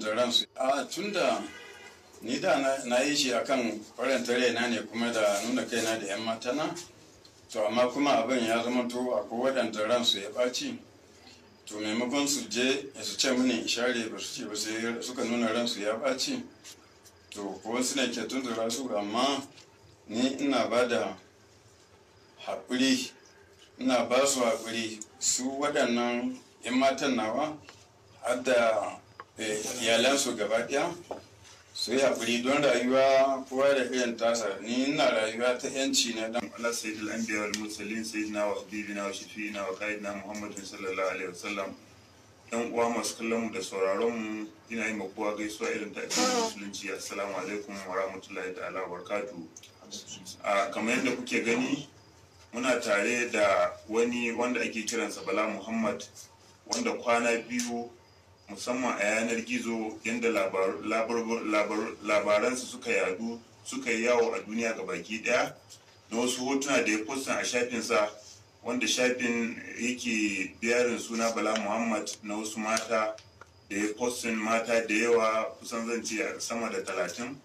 faranta ransu a da ni da na yi shi akan faranta raina ne kuma da nuna kaina da 'yan matana to amma kuma abin ya zama to akwai waɗanda ransu ya ɓaci to maimakon su je ya su ce mini share ba su ce ba sai suka nuna ransu ya ɓaci to wasu suna ke tuntura su amma ni ina ba da haƙuri ina ba su haƙuri su waɗannan 'yan matan nawa har iyalansu gaba ɗaya su yi haƙuri don rayuwa kowa da irin tasa ni ina rayuwa ta yanci na dan Allah sayyidul anbiya wal mursalin sayyidina wa habibina wa shafi'ina wa qaidina muhammadin sallallahu alaihi wasallam yan uwa masu kallon mu da sauraron mu ina yi makuwa gaisuwa irin ta addinin musulunci assalamu alaikum wa rahmatullahi ta'ala wa barakatuh a kamar yadda kuke gani muna tare da wani wanda ake kiransa bala muhammad wanda kwana biyu musamman a yanar gizo yadda labaransu suka yadu suka yi yawo a duniya ga baki daya na wasu hotuna da ya postan a shafinsa wanda shafin yake biyarin suna bala muhammad na wasu mata da ya postin mata da yawa kusan zan a sama da talatin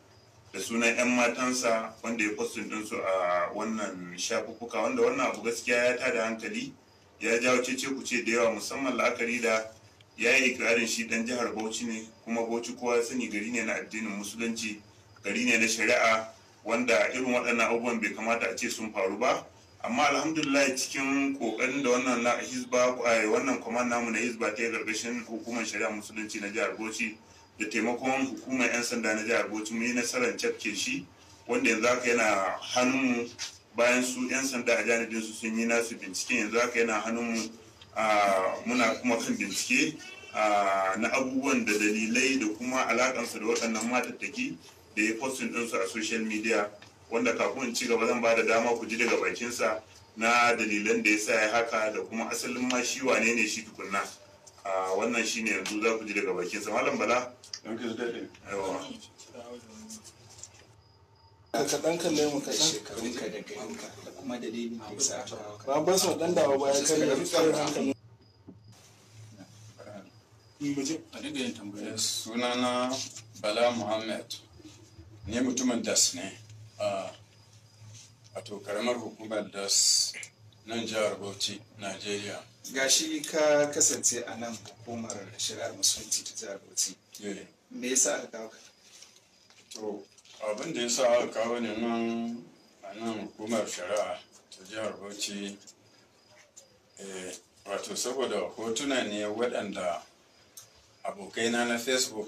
da sunan 'yan matansa wanda ya postin dinsu a wannan shafukuka wanda wannan abu gaskiya ya tada hankali ya jawo cece kuce da yawa musamman la'akari da ya yi ikirarin shi dan jihar bauchi ne kuma bauchi kowa ya sani gari ne na addinin musulunci gari ne na shari'a wanda irin waɗannan abubuwan bai kamata a ce sun faru ba amma alhamdulillah cikin kokarin da wannan na hizba eh, wannan kuma namu na hizba ta gargashin hukumar shari'a musulunci na jihar bauchi da taimakon hukumar 'yan sanda na jihar bauchi mun yi nasarar cafke shi wanda yanzu haka yana hannunmu bayan su 'yan sanda a janibin su sun yi nasu bincike yanzu haka yana hannun hannunmu muna kuma kan bincike na abubuwan da dalilai da kuma alakansu da waɗannan matattaki da ya postin ɗinsu a social media wanda kafin ci gaba zan ba da dama ku ji daga bakinsa na dalilan da ya sa ya haka da kuma asalin ma shi wane ne shi tukunna wannan shi ne yanzu za ku ji daga bakinsa malam bala ka dan kalle mu ka san shekarunka da garinka da kuma dalilin da yasa sa. ba su dan dawo baya kan da rufin hankali sunana bala muhammad ne mutumin das ne a to karamar hukumar das nan jihar bauchi nigeria gashi ka kasance a nan hukumar shari'ar musulunci ta jihar bauchi eh. me yasa aka kawo ka to abin da ya sa aka kawo ne a nan hukumar shari'a ta jihar bauchi eh, wato saboda hotuna ne waɗanda abokaina na facebook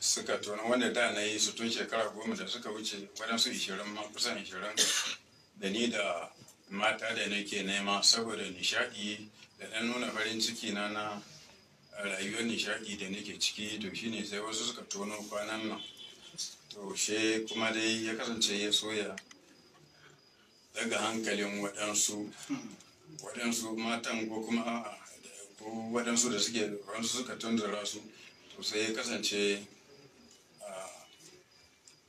suka tona wanda da na yi su tun shekara goma da suka wuce waɗansu ishirin ma kusan ishirin da ni da mata da nake nema saboda nishaɗi da ɗan nuna farin ciki na na rayuwar nishaɗi da nake ciki to shine sai wasu suka tono kwanan nan Taushe kuma dai ya kasance ya soya daga hankalin waɗansu waɗansu matan ko kuma ko waɗansu da suke waɗansu suka tundura su to sai ya kasance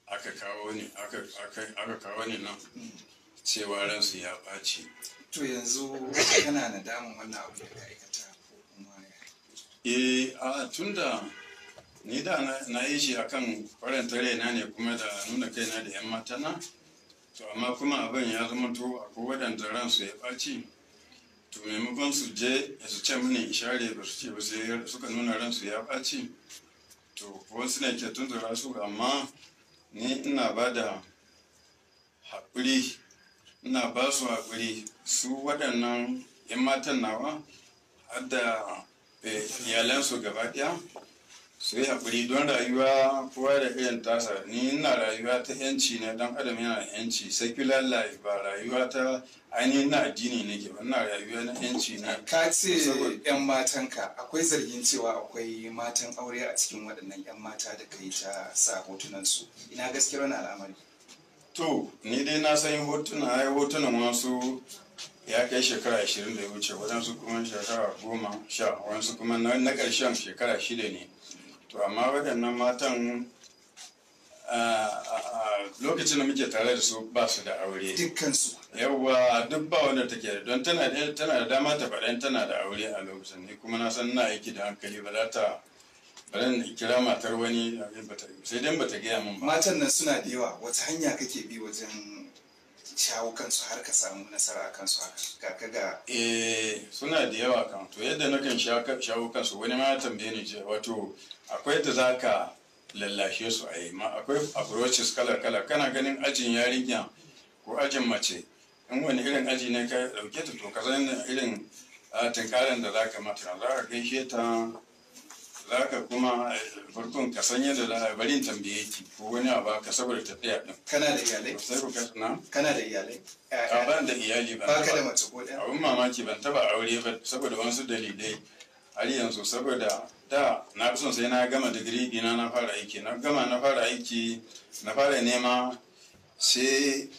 aka kawo ni nan cewa ransu ya ɓaci to yanzu kana damun wannan abu da ka aikata ko kuma eh a tunda ni da na yi shi akan faranta raina ne kuma da nuna kaina da 'yan matana to amma kuma abin ya zama to akwai waɗanda ransu ya ɓaci to maimakon su je su ce mini share ba su ce ba sai suka nuna ransu ya ɓaci to wasu ne ke tunzura su amma ni ina ba da haƙuri ina ba su haƙuri su waɗannan 'yan matan nawa har da eh, iyalansu gaba ɗaya su yi haƙuri don rayuwa kowa da irin tasa ni ina rayuwa ta yanci ne dan adam yana yanci secular life ba rayuwa ta ainihin na addini ne ke ina rayuwa na yanci ne ka ce yan matanka akwai zargin cewa akwai matan aure a cikin waɗannan yan mata da kai ta sa hotunan su ina gaskiyar wani al'amari to ni dai na san hotuna ai hotunan wasu ya kai shekara ashirin da ya wuce wadansu kuma shekara goma sha wadansu kuma na ƙarshen shekara shida ne to amma waɗannan matan lokacin da muke tare da su ba su da aure dukkansu yawwa duk ba wanda take don tana da dama ta faɗa tana da aure a lokacin ne kuma na san na aiki da hankali ba za ta bari kira matar wani sai dai bata gaya min ba matan nan suna da yawa wata hanya kake bi wajen shawo kansu har ka samu nasara a kansu haka ga ka ga eh suna da yawa kan to yadda na kan shawo kansu wani ma ya tambaye ni je wato akwai da zaka lallashe su a yi ma akwai approaches kala kala kana ganin ajin yarinya ko ajin mace in wani irin aji ne ka dauke ta to ka san irin ah, tinkarin da zaka mata za ka gaishe ta za ka kuma eh, farkon ka sanya da za bari tambaye ki ko wani abu ka saboda tafiya din kana da iyalai sai ku kasa na kana da iyalai a ban da iyali ba ka da mace ko dan abun mamaki ban taba aure ba saboda wasu dalilai har yanzu saboda da na fi son sai na gama digiri dina na fara aiki na gama na fara aiki na fara nema sai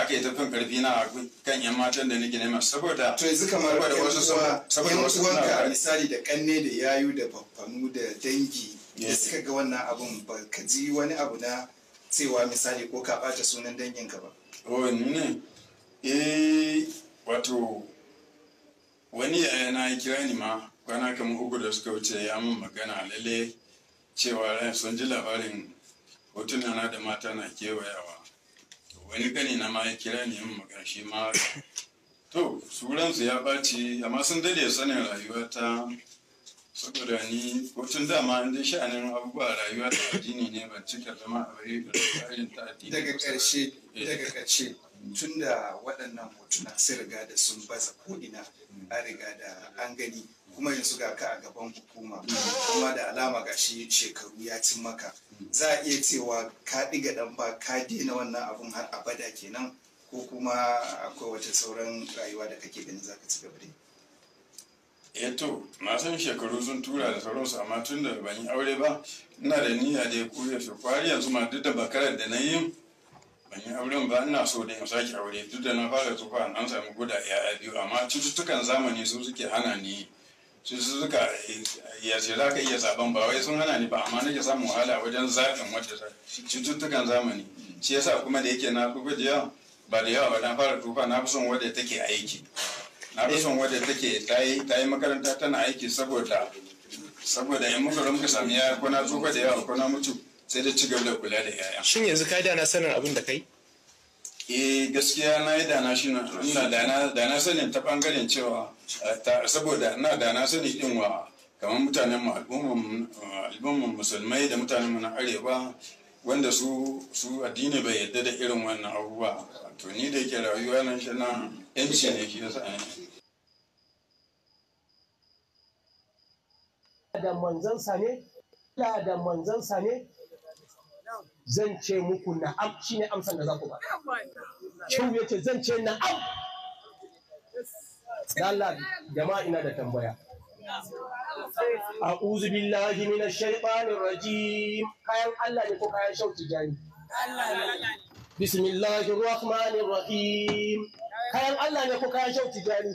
aka yi ta fin karfi na kan yan matan da nake nema saboda to yanzu kamar saboda wasu saboda wasu uwanka misali da kanne da yayu da faffanu da dangi da suka ga wannan abun ba ka ji wani abu na cewa misali ko ka bata sunan danginka ba oh ne eh wato wani yaya na kira ni ma kwana kamar uku da suka wuce ya min magana lalle cewa sun ji labarin hotuna na da mata na kewayawa wani gani na ma ya kira ni mu magana ma to su ya baci amma sun dade sanin rayuwata saboda ni ko tun dama inda dai sha'anin abubuwa rayuwa ta addini ne ban cika zama a bari da ta addini daga ƙarshe daga ƙarshe tunda waɗannan hotuna sun riga da sun baza ko'ina a riga da an gani kuma yanzu ga ka a gaban hukuma kuma da alama ga shi shekaru ya cin maka za a iya cewa ka ɗiga ɗan ba ka daina wannan abun har abada kenan ko kuma akwai wata sauran rayuwa da kake ganin za ka ci gaba e to na san shekaru sun tura da sauransu amma tun da ban yi aure ba ina da niyya da ya kure kwari yanzu ma duk da bakarar da na yi ban yi auren ba ina so da in sake aure duk da na fara tsofa an samu guda yaya biyu amma cututtukan zamani su suke hana ni cututtuka ya ce za ka iya zaben ba wai sun hana ni ba amma nake samun wahala wajen zaɓin wata cututtukan zamani shi yasa kuma da yake na fi gujewa ba da yawa ba na fara tufa na fi son wadda take aiki na fi son wadda take ta yi makaranta tana aiki saboda saboda in muka muka samiya ko kuna tsofa da yawa kuna mutu sai da ci gaba da kula da 'ya'ya. Shin yanzu ka dana sanin abin da kai? Eh gaskiya na yi dana shi na ina dana sanin ta bangaren cewa eh, saboda ina dana sanin din wa kamar mutanen mu al'umman eh, musulmai da mutanen mu na arewa wanda su su addini bai yadda da irin wannan abubuwa to ni da yake rayuwa nan shi na yanci ne ke yasa da manzansa ne da manzansa ne zan ce muku na'am shine amsar da za ku ba. Cin ya ce zan ce na'am. Allah jama'a ina da tambaya. A'udhu billahi minash rajim. Kayan Allah ne ko kayan shauki jani? Bismillahir rahmanir rahim. Kayan Allah ne ko kayan shauki jani?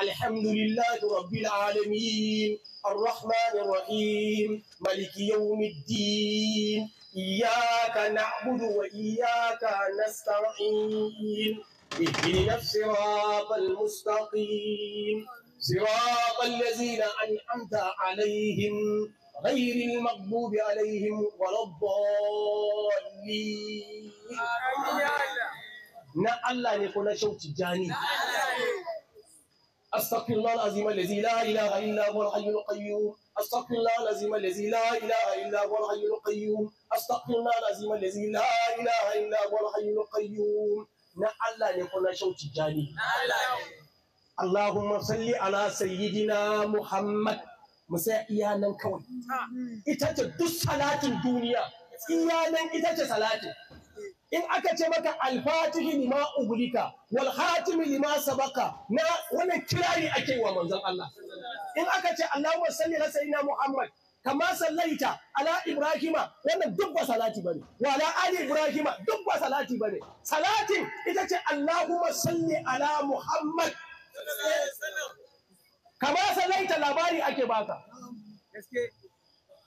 Alhamdulillahi rabbil alamin. الرحمن الرحيم ملك يوم الدين إياك نعبد وإياك نستعين اهدنا الصراط المستقيم صراط الذين أنعمت عليهم غير المغضوب عليهم ولا الضالين الله يقول شوك جاني استغفر الله العظيم الذي لا اله الا هو الحي القيوم أستغفر الله العظيم الذي لا إله إلا هو الحي القيوم أستغفر الله العظيم الذي لا إله إلا هو الحي القيوم na Allah ne ko na shauci jani Allahumma salli ala sayyidina Muhammad mu sai iya nan kawai ita ce duk salatin duniya iya nan ita ce salatin in aka ce maka alfatihi lima ugulika wal khatimi lima sabaka na wannan kirari ake wa manzon Allah in aka ce Allahumma salli ala sayyidina Muhammad kama sallaita ala Ibrahima wannan duk ba salati bane wa ala ali Ibrahima duk ba salati bane salatin ita ce Allahumma salli ala Muhammad kama sallaita labari ake baka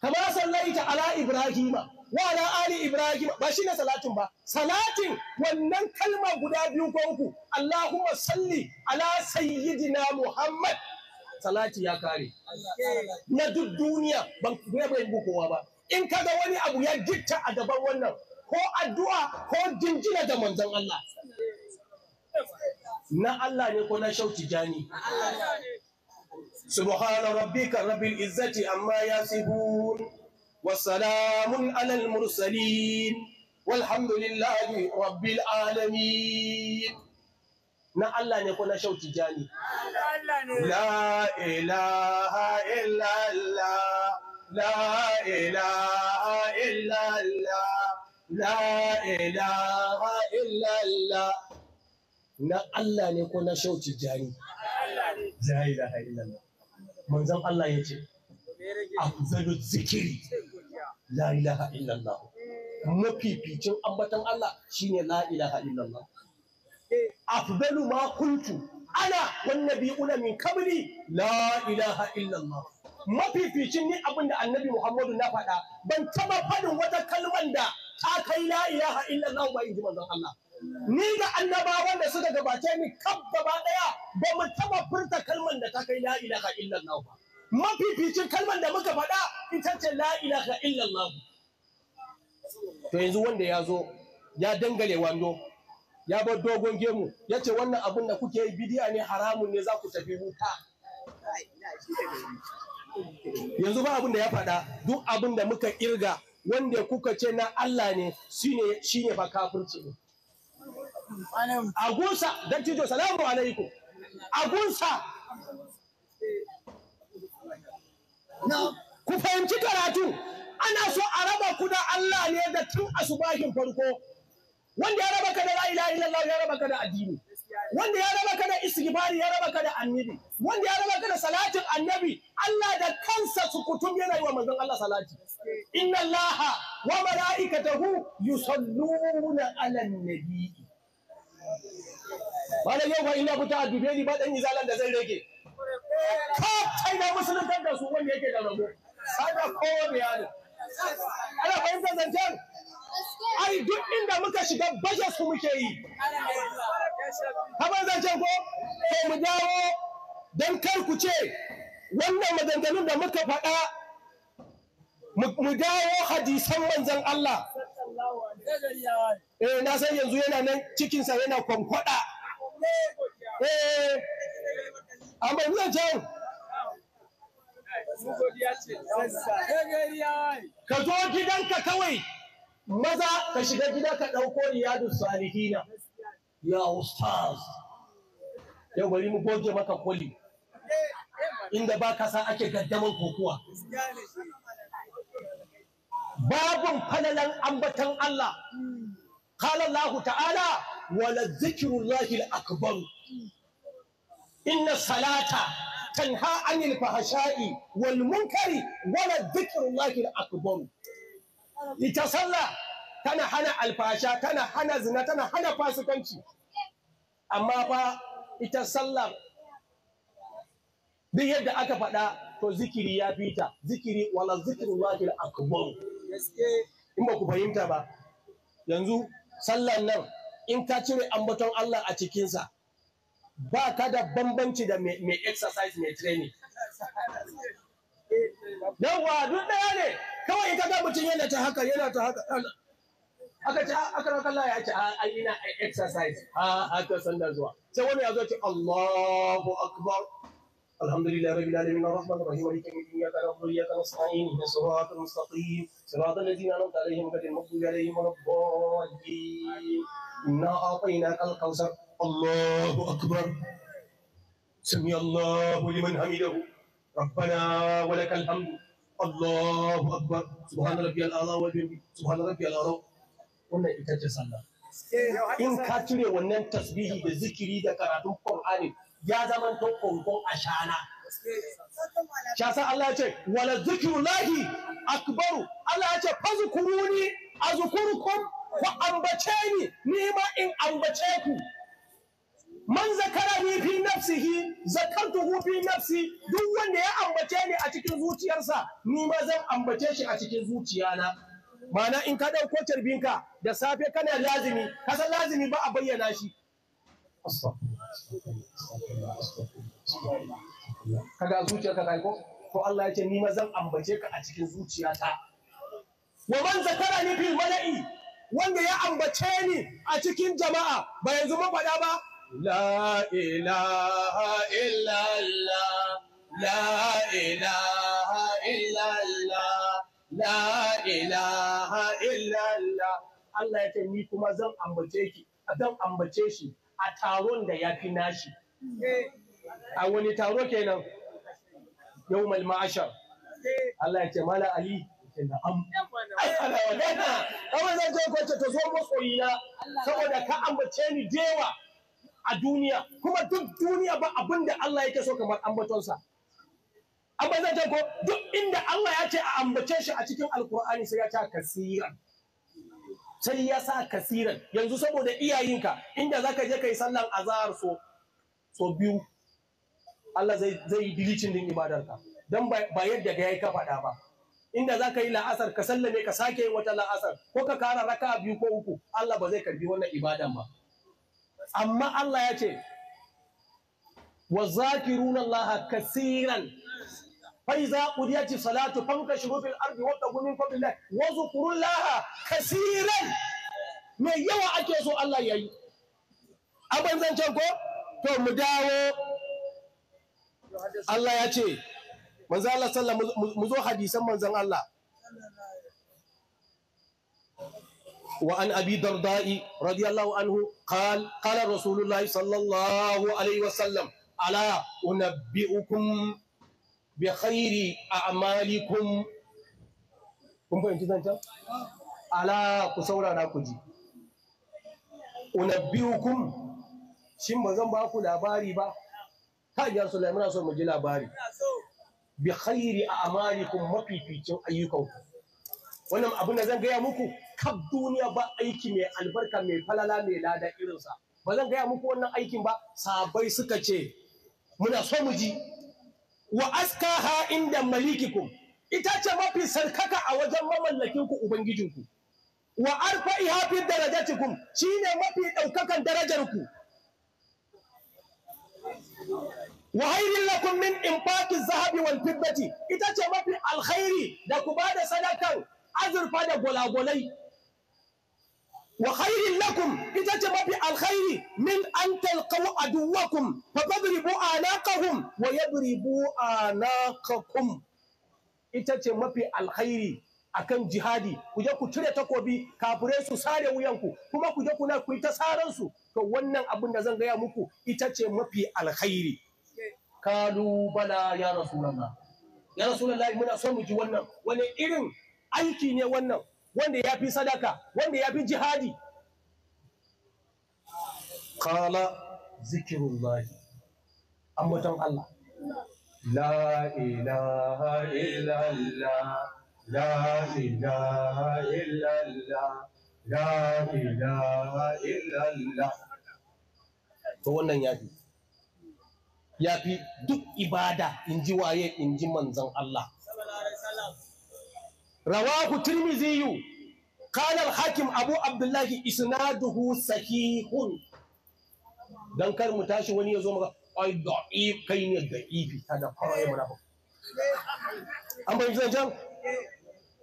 kama sallaita ala Ibrahima wa ala ali ibrahim ba shine salatin ba salatin wannan kalma guda biyu ko uku allahumma salli ala sayyidina muhammad salati ya kare na duk duniya ban bai kowa ba in ka ga wani abu ya gitta a gaban wannan ko addu'a ko jinjina da manzon Allah na Allah ne ko na shauti jani subhana rabbika rabbil izzati amma Wa salamun alal mursalin والحمد لله رب العالمين na Allah ne ko na shau tijani la ilaha allah, la ilaha allah, la ilaha allah. na Allah ne ko na shau tijani la ilaha illallah manzon Allah ya ce afzalu zikiri la ilaha illallah hmm. mafificin ambatan Allah shine la ilaha allah. afdalu ma kuntu ana wan nabiyuna min qabli la ilaha illa Allah mafificin ni abinda annabi Muhammadu na faɗa ban taba faɗin wata kalmar da ta kai la ilaha illa Allah ba inji manzon Allah ni da annabawan da suka gabace ni kaf gaba daya ba mu taba furta kalman da ta kai la ilaha illa Allah ba mafificin kalmar da muka faɗa ita ce la ilaha illa Allah to yanzu wanda ya zo ya dangale wando ya bar dogon gemu ya ce wannan abin da kuke yi bidiya ne haramun ne za ku tafi wuta yanzu ba abin da ya faɗa duk abin da muka irga wanda kuka ce na Allah ne shine shine ba kafirci ne agunsa tijo salamu alaikum agunsa ku fahimci karatu ana so a raba ku da Allah ne da tun asubahin farko wanda ya raba ka da la illallah ya raba ka da addini wanda ya raba ka da istighfari ya raba ka da annabi wanda ya raba ka da salatin annabi Allah da kansa su kutum yana yi wa manzon Allah salati inna Allah wa malaikatahu yusalluna ala nabi bala yau ba ina fita a dube ni ba dan izalan da zan rage ka kai da musulunta da su wanda yake da rabo kada kowa bayani ana fahimtar zancen ai duk inda muka shiga bajas su muke yi haban zance ko Ko mu dawo don kar ku ce wannan maganganun da muka faɗa mu dawo hadisan manzan Allah eh na san yanzu yana nan cikinsa yana kwankwada eh amma zan ka zo gidanka kawai maza ka shiga gida ka ɗauko riyadu salihina ya ustaz yau bari mu goge maka koli inda ba ka sa ake gaddaman kokuwa babun falalan ambatan Allah قال الله تعالى ولذكر الله الأكبر إن الصلاة تنهى عن الفحشاء والمنكر ولذكر الله الأكبر ita sallah tana hana alfasha tana hana zina tana hana fasikanci amma fa ita sallah duk yadda aka faɗa to zikiri ya fi ta zikiri wala zikirin wakil akbar in ba ku fahimta ba yanzu sallan nan in ka cire ambaton Allah a cikinsa ba ka da bambanci da mai exercise mai training yawwa duk ɗaya ne kawai ita ga mutum yana ta haka yana ta haka aka ce aka raka Allah ya ce ah, a yi exercise ha haka zuwa sai wani ya zo Allahu akbar alhamdulillah rabbil alamin arrahman arrahim maliki yawmid din nasta'in mustaqim an'amta alaihim ghayril maghdubi alaihim waladdallin inna a'tainaka al-kawthar Allahu akbar sami Allahu liman hamidahu ربنا ولك الحمد الله أكبر سبحان ربي الأعلى والبيبي سبحان ربي الأعلى wannan ita ce sallah in ka cire wannan tasbihi da zikiri da karatun Qur'ani ya zama to konkon ashana shasa Allah ya ce wala zikrullahi akbaru Allah ya ce fazkuruni azkurukum ku ambace ni ni ma in ambace ku man zakara ni fi nafsihi hu fi nafsi duk wanda ya ambace ni a cikin zuciyarsa ni ma zan ambace shi a cikin zuciyana mana in ka dauko tarbinka, da safe kana lazimi ka san lazimi ba a bayyana shi kaga zuciyarka kai ko to Allah ya ce ni ma zan ambace ka a cikin zuciyata wa man zakara ni fi mala'i wanda ya ambace ni a cikin jama'a ba yanzu faɗa ba La ilaha illallah, La ilaha illallah, La ilaha illallah. Allah ya ce ni kuma zan ambace ki zan ambace shi a taron da ya fi nashi a wani taro kenan yawmal ma'ashar Allah ya ce mala ali na'am ai ala wadana kawai zan je kwace ta zo masoyina saboda ka ambace ni dewa a duniya kuma duk duniya ba abin da Allah yake so kamar ambatonsa ambatan ko duk inda Allah ya ce a ambace shi a cikin alkur'ani sai ya ce kasiran sai ya sa kasiran yanzu saboda iyayenka inda zaka je kai sallan azhar so so biyu Allah zai zai dilicin din ibadarka dan ba yadda ga yayi ka faɗa ba inda za ka yi la'asar ka sallame ka sake yin wata la'asar ko ka kara raka biyu ko uku Allah ba zai karbi wannan ibadan ba amma Allah ya ce wa zakiruna Allah kasiran فإذا قضيت الصلاة فانتشروا في الأرض وابتغوا من فضل الله واذكروا الله kasiran me yawa ake so Allah ya yi abin zancen ko to mu dawo Allah ya ce manzo Allah sallallahu mu zo hadisan manzon Allah وعن أبي درداء رضي الله عنه قال قال رسول الله صلى الله عليه وسلم ألا أنبئكم بخير أعمالكم kun fahimci zancen? ala ku saurara ku ji unabbiukum shin ba zan ba labari ba ta ya rasulullah muna so mu ji labari bi a amalikum mafificin ayyukanku wannan abin da zan gaya muku kaf duniya ba aiki mai albarka mai falala mai lada irinsa ba zan gaya muku wannan aikin ba sabai suka ce muna so mu ji wa aska ha inda malikikum ita ce mafi sarkaka a wajen mamallakinku ubangijinku wa arfa fi darajatikum shine mafi daukakan ku. wa hairin lakum min infaqi zahabi wal fiddati ita ce mafi alkhairi da ku bada sadakar azurfa da gwalagwalai wa khairin lakum ita ce mafi alkhairi min an talqaw aduwakum fa tadribu anaqahum wa yadribu anaqakum ita ce mafi alkhairi akan jihadi ku je ku cire takobi kafirai su sare wuyanku kuma ku je kuna ku yi ta saran su to wannan abin da zan gaya muku ita ce mafi alkhairi kalu bala ya rasulullah ya rasulullah muna so mu ji wannan wani irin aiki ne wannan wanda ya fi sadaka wanda ya fi jihadi qala zikirullahi ambaton Allah la ilaha illallah la ilaha illallah la ilaha illallah to wannan ya fi ya fi duk ibada in ji waye in ji manzan Allah rawahu tirmidhi qala al-hakim abu abdullahi Isnadu sahihun dan kar mu tashi wani ya zo maka ai da'i kai ne da ifi ta da fara yana ba an bai zan jan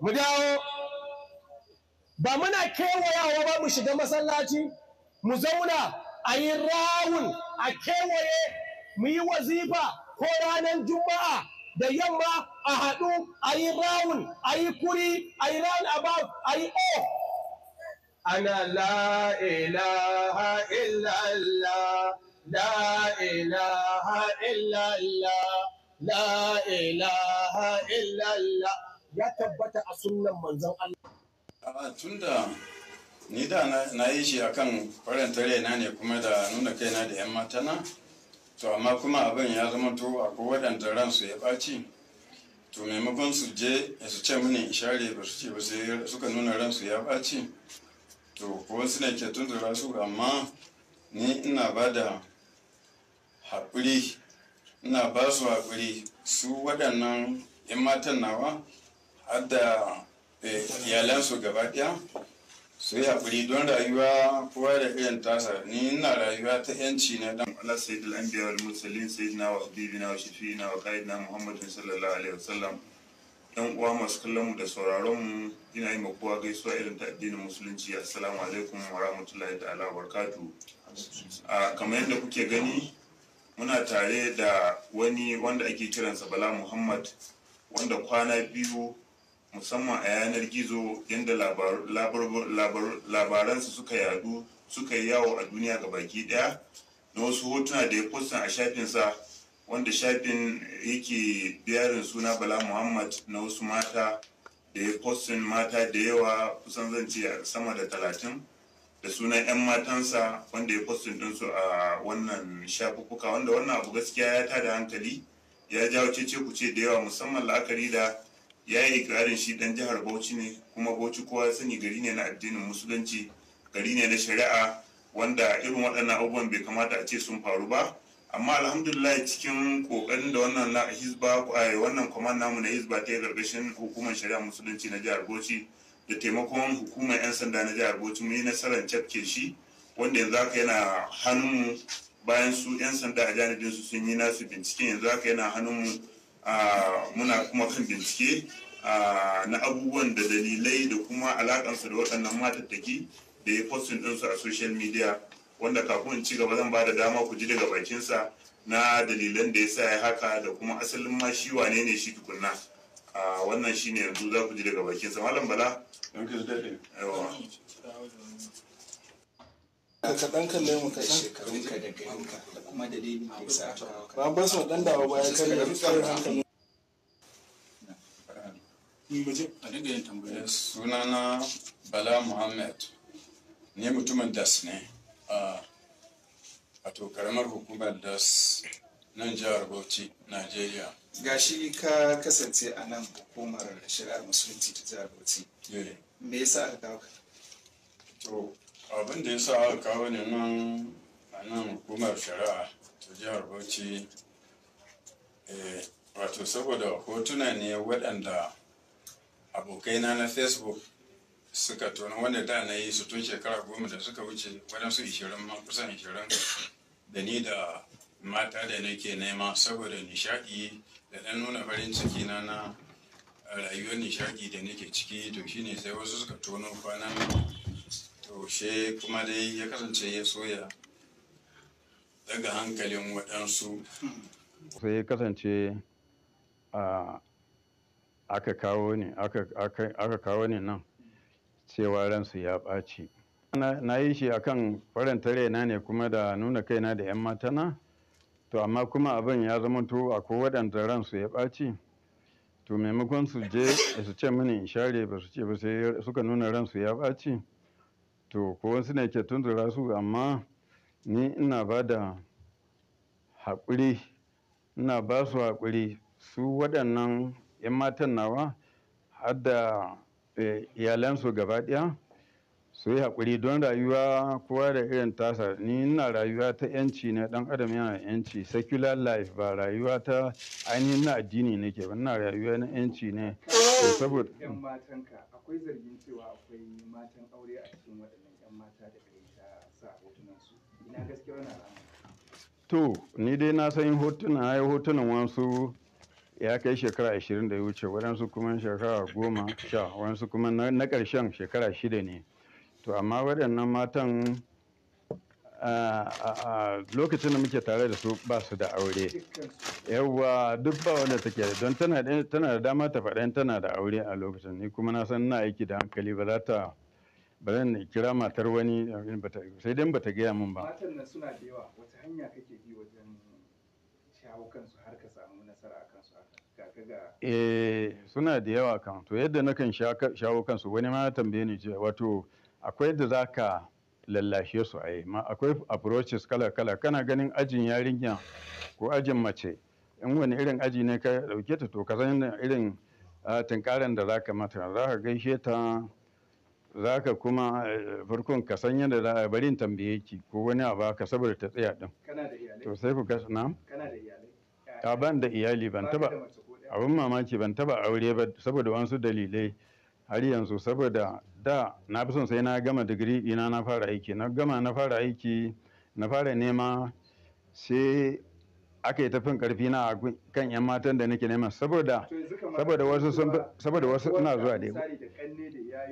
mu dawo ba muna kewayawa ba mu shiga masallaci mu zauna a yi rawun a kewaye mu yi wazifa ko ranar juma'a da yamma a haɗu a yi raun a yi kuri a yi rawun about a yi o ana la ilaha illallah la ilaha illallah ya tabbata a sunan manzan Allah tunda ni da na yi shi akan farantar raina ne kuma da nuna kaina da 'yan matana to amma kuma abin ya zama to akwai waɗanda ransu ya ɓaci to maimakon su je su ce mini in share ba su ce ba sai suka nuna ransu ya ɓaci to ko suna ke tunzura su amma ni ina ba da haƙuri ina ba su haƙuri su waɗannan 'yan matan nawa har da eh, iyalansu gaba ɗaya sai yi haƙuri don rayuwa kowa da irin tasa ni ina rayuwa ta yanci na dan Allah sayyidul anbiya wal sai na wa na wa na wa na muhammadin sallallahu alaihi wasallam yan uwa masu kallon mu da sauraron mu ina yi kowa gaisuwa irin ta addinin musulunci assalamu alaikum wa rahmatullahi ta'ala ala barakatuh a kamar yadda kuke gani muna tare da wani wanda ake kiransa bala muhammad wanda kwana biyu musamman a yanar gizo yadda labaransu suka yadu suka yi yawo a duniya ga baki daya na wasu hotuna da ya fusta a shafinsa wanda shafin yake biyarin suna bala muhammad na wasu mata da ya postin mata da yawa kusan zan sama da talatin da sunan 'yan matansa wanda ya postin ɗinsu a wannan shafukuka wanda wannan abu gaskiya ya tada hankali ya jawo cece kuce da yawa musamman la'akari da ya yi ikirarin shi dan jihar bauchi ne kuma bauchi kowa sani gari ne na addinin musulunci gari ne na shari'a wanda irin waɗannan abubuwan bai kamata a ce sun faru ba amma alhamdulillah cikin kokarin da wannan na hizba eh, wannan kuma namu na hizba ta gargashin hukumar shari'a musulunci na jihar bauchi da taimakon hukumar 'yan sanda na jihar bauchi mun yi nasarar cafke shi wanda yanzu haka yana hannunmu bayan su 'yan sanda a janibin su sun yi nasu binciken yanzu haka yana hannunmu Ah, muna kuma kan bincike ah, na abubuwan da dalilai da kuma alakansu da waɗannan matattaki da ya postin ɗinsu a social media wanda kafin ci gaba zan ba da dama ku ji daga bakinsa na dalilan da ya sa ya haka da kuma asalin ma shi wane ne shi tukunna ah, wannan shi ne yanzu za ku ji daga bakinsa malam bala kaɗan kan lemu ka shekarun ka da garin ka da kuma dalilin da yasa ba ba su dan dawo baya kan da rufar hankali ni muje a dinga yin tambayoyi sunana Bala Muhammad ne mutumin das ne a wato karamar hukumar das nan jihar Bauchi Najeriya shi ka kasance a nan hukumar shari'ar musulunci ta jihar Bauchi eh. me yasa aka kawo ka abin da ya sa aka kawo ne nan a nan hukumar shari'a ta jihar bauchi eh, wato saboda hotuna ne waɗanda abokaina na facebook suka tona wanda da na yi su tun shekara goma da suka wuce waɗansu ishirin ma kusan ishirin da ni da mata da nake nema saboda nishaɗi da ɗan nuna farin ciki na na rayuwar nishaɗi da nake ciki to shine sai wasu suka tono kwanan to she kuma dai ya kasance ya soya daga hankalin waɗansu sai ya kasance aka kawo ne aka kawo ne nan cewa ransu ya ɓaci na yi shi akan kan na ne kuma da nuna kaina da 'yan matana to amma kuma abin ya zama to akwai waɗanda ransu ya ɓaci to maimakon su je su ce mini in share ba su ce ba sai suka nuna ransu ya ɓaci to ko wasu ne ke tundura su amma ni ina ba da haƙuri ina ba su haƙuri su waɗannan 'yan matan nawa har da eh, iyalansu gaba ɗaya su yi haƙuri don rayuwa kowa da irin tasa ni ina rayuwa ta yanci ne dan adam yana yanci secular life ba rayuwa ta ainihin na addini ke ba ina rayuwa na yanci ne saboda yan matanka akwai zargin cewa akwai matan aure a cikin waɗannan yan mata da kai ta sa hotunan su ina gaskiya wannan to ni dai na san hotuna ai hotunan wasu ya kai shekara ashirin da ya wuce waɗansu kuma shekara goma sha waɗansu kuma na ƙarshen shekara shida ne to amma waɗannan matan a lokacin da muke tare da su ba su da aure yawwa duk ba wanda take don tana da dama ta faɗa tana da aure a lokacin ni kuma na san na aiki da hankali ba za ta ba zan kira matar wani sai dai bata gaya min ba matan nan suna da yawa wata hanya kake bi wajen shawo kansu har ka samu nasara a kansu eh suna da yawa kan to yadda nakan shawo kansu wani ma ya tambaye ni wato akwai da za ka lallashe su a yi ma akwai approaches kala-kala kana ganin ajin yarinya ko ajin mace in wani irin aji ne ka dauke ta to ka san irin tunkarin da za ka mata za ka gaishe ta za ka kuma eh, farkon ka san yadda za a barin tambaye ki ko wani abu ka saboda ta tsaya din to sai ku ga na ta ban da iyali ban taba abin mamaki ban taba aure ba saboda wasu dalilai har yanzu saboda da na fi son sai na gama digiri ina na fara aiki na gama na fara aiki na fara nema sai aka yi tafin karfi na kan yan matan da nake nema saboda saboda wasu sun saboda wasu ina zuwa da misali da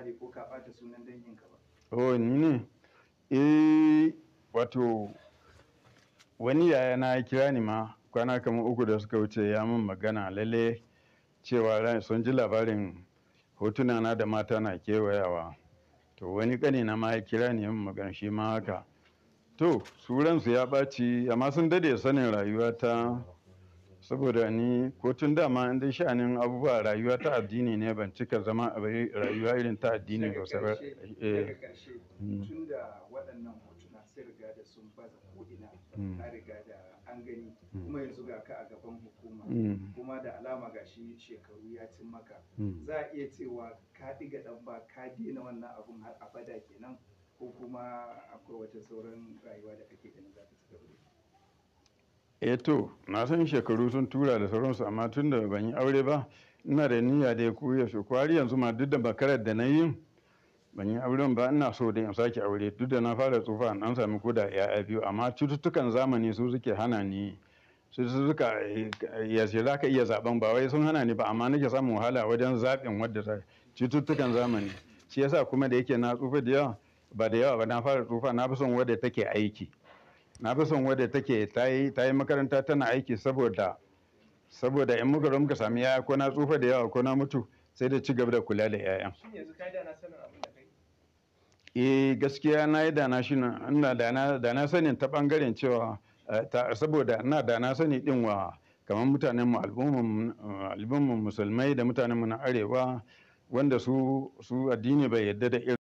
eh. oh, ni ne eh wato wani yaya na kira ni ma kwana kamar uku da suka wuce ya min magana lalle cewa sun ji labarin hotuna na da mata na kewayawa to wani kane na ma ya kira ne min magana shi ma haka to su ya ɓaci amma sun dade sanin rayuwa ta saboda ni ko tun dama in dai sha'anin abubuwa rayuwa ta addini ne ban cika zama a rayuwa irin ta addini sai ba eh. mm. tun da waɗannan hotuna riga da sun baza ko ina ta mm. riga da an gani mm. kuma yanzu ga ka a gaban hukuma mm. kuma da alama ga shi shekaru ya cin maka mm. za a iya cewa ka ɗiga ɗan ba ka daina wannan abun har abada kenan ko kuma akwai wata sauran rayuwa da kake ganin za ta ci gaba eh to na san shekaru sun tura da sauransu amma tun da ban yi aure ba ina da niyya da ya koya kwari yanzu ma duk da bakarar da na yi ban yi auren ba ina so da in sake aure duk da na fara tsufa an sami koda ya'ya biyu amma cututtukan zamani su suke hana ni su suka ce za ka iya zaben ba wai sun hana ni ba amma nake samun wahala wajen zaɓin wadda ta cututtukan zamani shi yasa kuma da yake na tsufa da yawa ba da yawa ba na fara tsufa na fi son wadda take aiki na fi son wadda take ta yi makaranta tana aiki saboda saboda in muka muka sami yaya ko na tsufa da yawa ko na mutu sai da ci gaba da kula da 'ya'yan. eh gaskiya na yi dana shi ina dana sanin ta bangaren cewa eh, saboda ina dana sani din wa kamar mutanen mu al'umman musulmai da mutanen mu na arewa wanda su addini bai yadda da irin